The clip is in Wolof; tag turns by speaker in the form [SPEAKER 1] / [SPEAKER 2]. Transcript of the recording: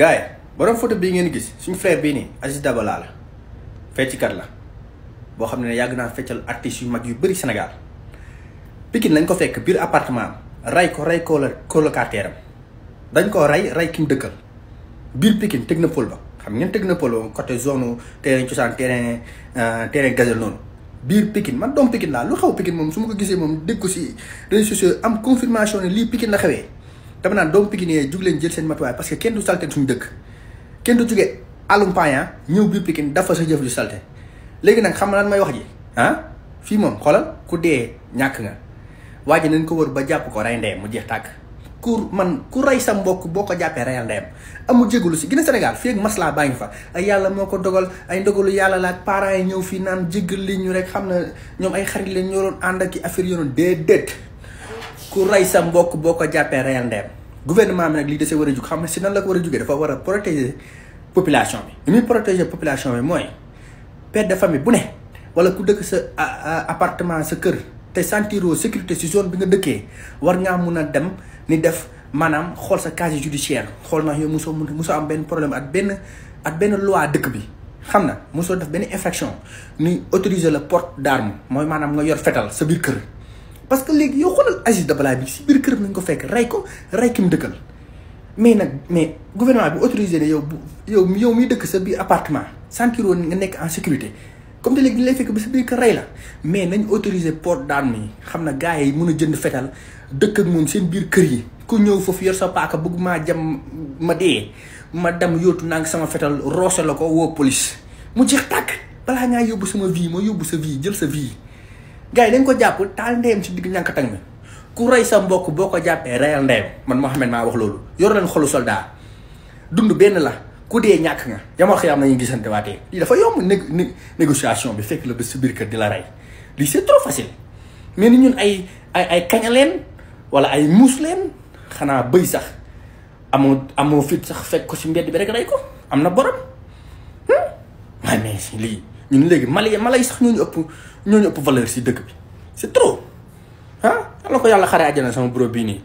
[SPEAKER 1] gars yi borom photo bii ngeen gis suñu frère bii nii Aziz Dabala la fecckat la boo xam ne yàgg naa feccal artistes yu mag yu bëri Sénégal Pikine lañ ko fekk biir appartement rey ko ray ko colocataire am dañ ko rey ray ki mu dëkkal biir na technopole ba xam ngeen technopole ba côté zone terrain cosaan terrain euh, te gazel noonu biir Pikine man doom Pikine laa lu xaw Pikine moom su ma ko gisee moom dégg ko si réseaux am confirmation ne lii Pikine la dama naan doomu Pikine yee jug leen jël seen matuwaay parce que kenn du salte suñu dëkk kenn du jugee alum ñëw biir Pikine dafa sa jëf ju salte léegi nag xam nga lan may wax ji ah fii moom xoolal ku dee ñàkk nga waa ji nañ ko wër ba jàpp ko rey mu jeex tàkk ku man ku rey sa mbokk boo ko jàppee reyal ndeyam amul jégalu si gina Sénégal fii ak masla baa ngi fa ay yàlla moo ko dogal ay ndogalu yàlla la ak yi ñëw fii naan jégal li ñu rek xam na ñoom ay xarit leen ñoo doon ànd ak i affaire yi déedéet ku rey sa mbokk boo ko jàppee reyal ndeem gouvernement bi nag lii dese war a jug xam ne si nan la ko war a jugee dafa war a protéger population bi. li muy protéger population bi mooy père de famille bu ne wala ku dëkk sa appartement sa kër te sentiroo sécurité si zone bi nga dëkkee war ngaa mun a dem ni def maanaam xool sa casier judiciaire xool na yow mosoo mosoo am benn problème ak benn ak benn loi dëkk bi. xam na mosoo def benn infection ni autoriser la porte d'arme mooy maanaam nga yor fetal sa biir kër. parce que léegi yow xoolal Aziz Dabala bi si biir këram lañ ko fekk rey ko rey ki mu dëkkal mais nag mais gouvernement bi autorisé ne yow bu yow yow muy dëkk sa biir appartement sentir woon nga nekk en sécurité comme te léegi ñu lay fekk ba sa biir kër rey la mais nañ autorisé port d'arme mi xam na gars yi mën a jënd fetal dëkk ak moom seen biir kër yi ku ñëw foofu yor sa paaka bëgg maa jam ma dee ma dem yóotu naa ngi sama fetal roose la ko woo police mu jeex tàkk balaa ngaa yóbbu sama vie ma yóbbu sa vie jël sa vie gars yi dañ ko jàpp taal ndeyam si digg ñànk tang mi ku rey sa mbokk boo ko jàppee reyal ndeyam man Mohamed naa wax loolu yor leen xolu soldaa dund benn la ku dee ñàkk nga yamal xiyam nañu gisante waatee lii dafa yomb né négociation bi fekk la ba si biir di la rey lii c'est trop facile mais ni ñun ay ay ay kaña leen wala ay muus leen xanaa bëy sax amoo amoo fit sax fekk ko si mbedd bi rek rey ko am na borom hmm? waaye mais lii ñun léegi Mali Mali yi sax ñoo ñu ëpp ñoo ñu ëpp valeur si dëkk bi c'est trop ah. yàlla ko yàlla xare àjjana sama bro bii nii